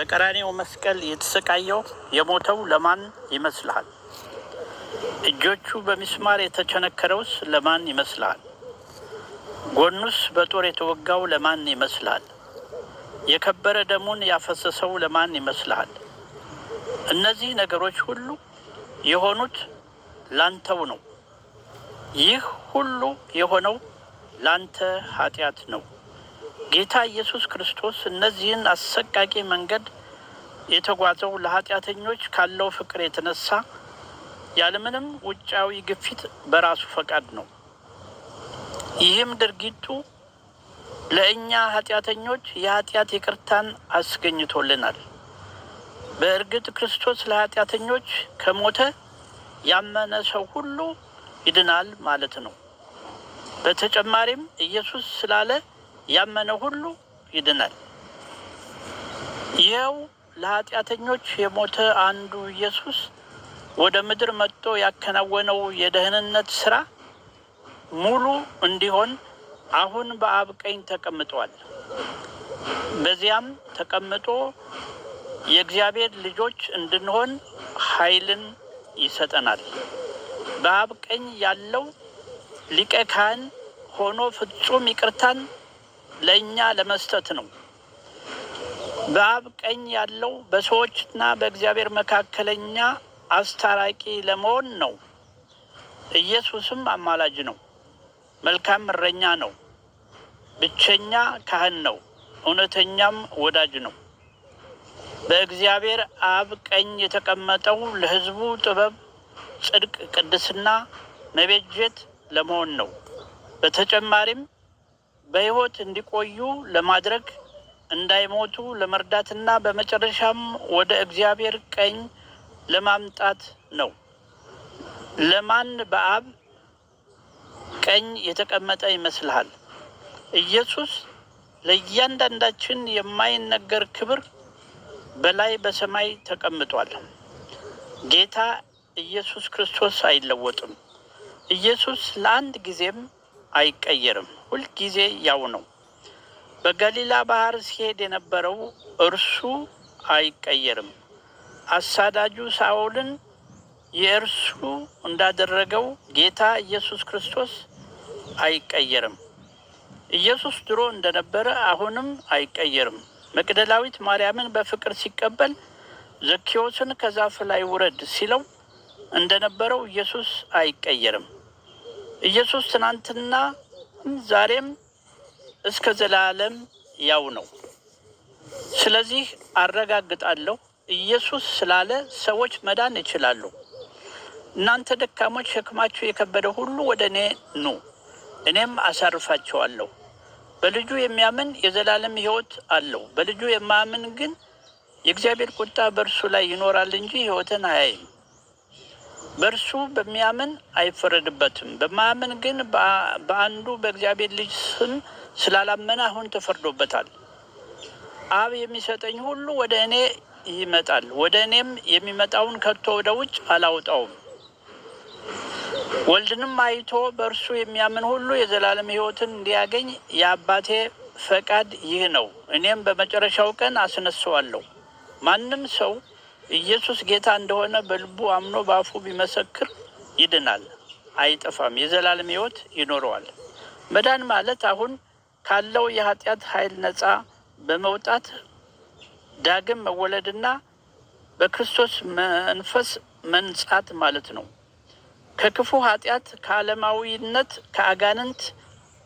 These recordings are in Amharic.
በቀራኔው መስቀል የተሰቃየው የሞተው ለማን ይመስልሃል? እጆቹ በሚስማር የተቸነከረውስ ለማን ይመስልሃል? ጎኑስ በጦር የተወጋው ለማን ይመስልሃል? የከበረ ደሙን ያፈሰሰው ለማን ይመስልሃል? እነዚህ ነገሮች ሁሉ የሆኑት ላንተው ነው። ይህ ሁሉ የሆነው ላንተ ኃጢአት ነው። ጌታ ኢየሱስ ክርስቶስ እነዚህን አሰቃቂ መንገድ የተጓዘው ለኃጢአተኞች ካለው ፍቅር የተነሳ ያለምንም ውጫዊ ግፊት በራሱ ፈቃድ ነው። ይህም ድርጊቱ ለእኛ ኃጢአተኞች የኃጢአት ይቅርታን አስገኝቶልናል። በእርግጥ ክርስቶስ ለኃጢአተኞች ከሞተ ያመነ ሰው ሁሉ ይድናል ማለት ነው። በተጨማሪም ኢየሱስ ስላለ ያመነ ሁሉ ይድናል። ይኸው ለኃጢአተኞች የሞተ አንዱ ኢየሱስ ወደ ምድር መጥቶ ያከናወነው የደህንነት ስራ ሙሉ እንዲሆን አሁን በአብ ቀኝ ተቀምጧል። በዚያም ተቀምጦ የእግዚአብሔር ልጆች እንድንሆን ኃይልን ይሰጠናል። በአብ ቀኝ ያለው ሊቀ ካህን ሆኖ ፍጹም ይቅርታን ለእኛ ለመስጠት ነው። በአብ ቀኝ ያለው በሰዎችና በእግዚአብሔር መካከለኛ አስታራቂ ለመሆን ነው። ኢየሱስም አማላጅ ነው፣ መልካም እረኛ ነው፣ ብቸኛ ካህን ነው፣ እውነተኛም ወዳጅ ነው። በእግዚአብሔር አብ ቀኝ የተቀመጠው ለሕዝቡ ጥበብ፣ ጽድቅ፣ ቅድስና መቤጀት ለመሆን ነው። በተጨማሪም በሕይወት እንዲቆዩ ለማድረግ እንዳይሞቱ ለመርዳትና በመጨረሻም ወደ እግዚአብሔር ቀኝ ለማምጣት ነው። ለማን በአብ ቀኝ የተቀመጠ ይመስልሃል? ኢየሱስ ለእያንዳንዳችን የማይነገር ክብር በላይ በሰማይ ተቀምጧል። ጌታ ኢየሱስ ክርስቶስ አይለወጥም። ኢየሱስ ለአንድ ጊዜም አይቀየርም። ሁልጊዜ ያው ነው። በገሊላ ባህር ሲሄድ የነበረው እርሱ አይቀየርም። አሳዳጁ ሳውልን የእርሱ እንዳደረገው ጌታ ኢየሱስ ክርስቶስ አይቀየርም። ኢየሱስ ድሮ እንደነበረ አሁንም አይቀየርም። መቅደላዊት ማርያምን በፍቅር ሲቀበል ዘኪዎስን ከዛፍ ላይ ውረድ ሲለው እንደነበረው ኢየሱስ አይቀየርም። ኢየሱስ ትናንትና ዛሬም እስከ ዘላለም ያው ነው። ስለዚህ አረጋግጣለሁ ኢየሱስ ስላለ ሰዎች መዳን ይችላሉ። እናንተ ደካሞች ሸክማችሁ የከበደ ሁሉ ወደ እኔ ኑ፣ እኔም አሳርፋቸዋለሁ። በልጁ የሚያምን የዘላለም ሕይወት አለው። በልጁ የማያምን ግን የእግዚአብሔር ቁጣ በእርሱ ላይ ይኖራል እንጂ ሕይወትን አያይም። በእርሱ በሚያምን አይፈረድበትም። በማያምን ግን በአንዱ በእግዚአብሔር ልጅ ስም ስላላመነ አሁን ተፈርዶበታል። አብ የሚሰጠኝ ሁሉ ወደ እኔ ይመጣል፣ ወደ እኔም የሚመጣውን ከቶ ወደ ውጭ አላውጣውም። ወልድንም አይቶ በእርሱ የሚያምን ሁሉ የዘላለም ሕይወትን እንዲያገኝ የአባቴ ፈቃድ ይህ ነው። እኔም በመጨረሻው ቀን አስነሳዋለሁ። ማንም ሰው ኢየሱስ ጌታ እንደሆነ በልቡ አምኖ በአፉ ቢመሰክር ይድናል፣ አይጠፋም፣ የዘላለም ሕይወት ይኖረዋል። መዳን ማለት አሁን ካለው የኃጢአት ኃይል ነፃ በመውጣት ዳግም መወለድና በክርስቶስ መንፈስ መንጻት ማለት ነው። ከክፉ ኃጢአት፣ ከዓለማዊነት፣ ከአጋንንት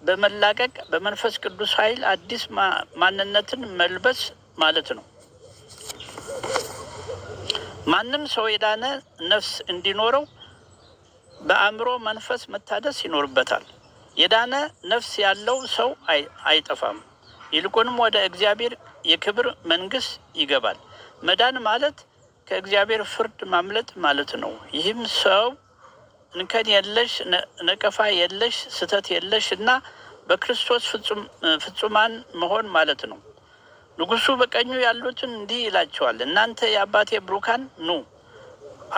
በመላቀቅ በመንፈስ ቅዱስ ኃይል አዲስ ማንነትን መልበስ ማለት ነው። ማንም ሰው የዳነ ነፍስ እንዲኖረው በአእምሮ መንፈስ መታደስ ይኖርበታል። የዳነ ነፍስ ያለው ሰው አይጠፋም፣ ይልቁንም ወደ እግዚአብሔር የክብር መንግስት ይገባል። መዳን ማለት ከእግዚአብሔር ፍርድ ማምለጥ ማለት ነው። ይህም ሰው እንከን የለሽ ነቀፋ የለሽ ስህተት የለሽ እና በክርስቶስ ፍጹማን መሆን ማለት ነው። ንጉሱ በቀኙ ያሉትን እንዲህ ይላቸዋል፣ እናንተ የአባቴ ብሩካን ኑ፣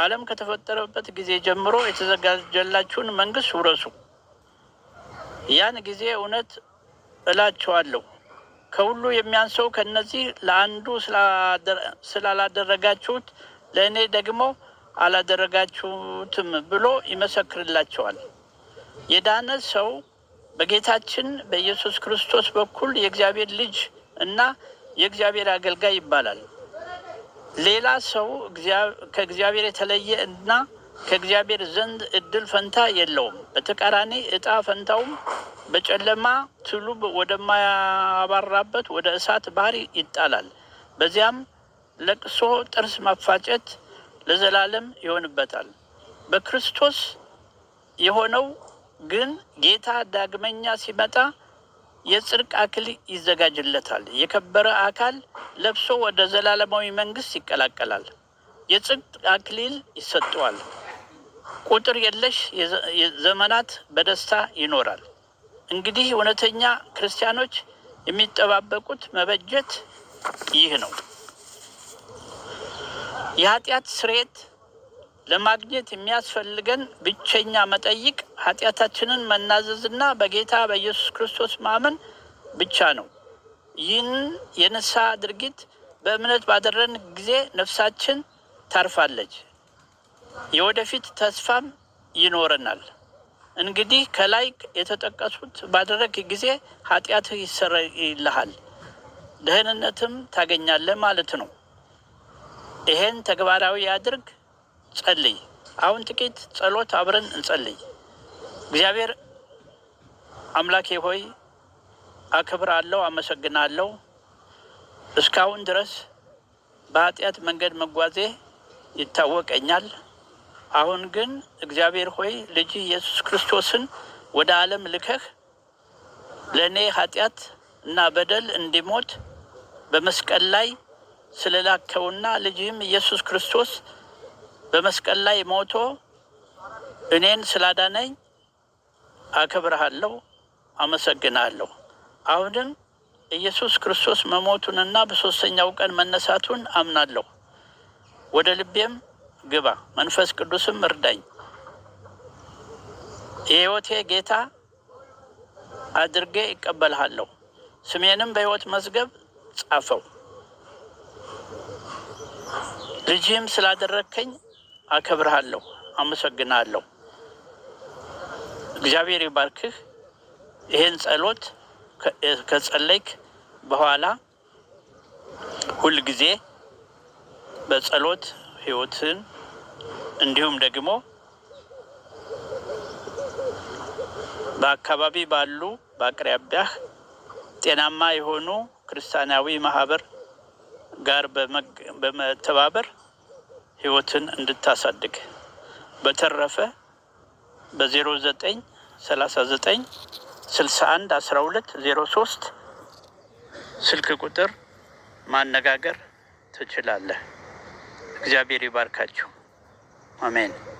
ዓለም ከተፈጠረበት ጊዜ ጀምሮ የተዘጋጀላችሁን መንግስት ውረሱ። ያን ጊዜ እውነት እላቸዋለሁ ከሁሉ የሚያንሰው ከነዚህ ለአንዱ ስላላደረጋችሁት ለእኔ ደግሞ አላደረጋችሁትም ብሎ ይመሰክርላቸዋል። የዳነ ሰው በጌታችን በኢየሱስ ክርስቶስ በኩል የእግዚአብሔር ልጅ እና የእግዚአብሔር አገልጋይ ይባላል። ሌላ ሰው ከእግዚአብሔር የተለየ እና ከእግዚአብሔር ዘንድ እድል ፈንታ የለውም። በተቃራኒ እጣ ፈንታውም በጨለማ ትሉ ወደማያባራበት ወደ እሳት ባህር ይጣላል። በዚያም ለቅሶ፣ ጥርስ ማፋጨት ለዘላለም ይሆንበታል። በክርስቶስ የሆነው ግን ጌታ ዳግመኛ ሲመጣ የጽድቅ አክል ይዘጋጅለታል። የከበረ አካል ለብሶ ወደ ዘላለማዊ መንግስት ይቀላቀላል። የጽድቅ አክሊል ይሰጠዋል። ቁጥር የለሽ ዘመናት በደስታ ይኖራል። እንግዲህ እውነተኛ ክርስቲያኖች የሚጠባበቁት መበጀት ይህ ነው። የኃጢአት ስርየት ለማግኘት የሚያስፈልገን ብቸኛ መጠይቅ ኃጢአታችንን መናዘዝና በጌታ በኢየሱስ ክርስቶስ ማመን ብቻ ነው። ይህን የንስሐ ድርጊት በእምነት ባደረን ጊዜ ነፍሳችን ታርፋለች፣ የወደፊት ተስፋም ይኖረናል። እንግዲህ ከላይ የተጠቀሱት ባደረግ ጊዜ ኃጢአትህ ይሰረይልሃል፣ ደህንነትም ታገኛለህ ማለት ነው። ይሄን ተግባራዊ ያድርግ። ጸልይ። አሁን ጥቂት ጸሎት አብረን እንጸልይ። እግዚአብሔር አምላኬ ሆይ አከብራለሁ፣ አመሰግናለሁ። እስካሁን ድረስ በኃጢአት መንገድ መጓዜ ይታወቀኛል። አሁን ግን እግዚአብሔር ሆይ ልጅ ኢየሱስ ክርስቶስን ወደ ዓለም ልከህ ለእኔ ኃጢአት እና በደል እንዲሞት በመስቀል ላይ ስለላከውና ልጅህም ኢየሱስ ክርስቶስ በመስቀል ላይ ሞቶ እኔን ስላዳነኝ አከብርሃለሁ፣ አመሰግናለሁ። አሁንም ኢየሱስ ክርስቶስ መሞቱንና በሦስተኛው ቀን መነሳቱን አምናለሁ። ወደ ልቤም ግባ፣ መንፈስ ቅዱስም እርዳኝ። የሕይወቴ ጌታ አድርጌ ይቀበልሃለሁ። ስሜንም በሕይወት መዝገብ ጻፈው። ልጅህም ስላደረግከኝ አከብርሃለሁ፣ አመሰግናለሁ። እግዚአብሔር ይባርክህ። ይህን ጸሎት ከጸለይክ በኋላ ሁል ጊዜ በጸሎት ህይወትን እንዲሁም ደግሞ በአካባቢ ባሉ በአቅራቢያህ ጤናማ የሆኑ ክርስቲያናዊ ማህበር ጋር በመተባበር ህይወትን እንድታሳድግ። በተረፈ በ09 61 12 03 ስልክ ቁጥር ማነጋገር ትችላለህ። እግዚአብሔር ይባርካችሁ። አሜን።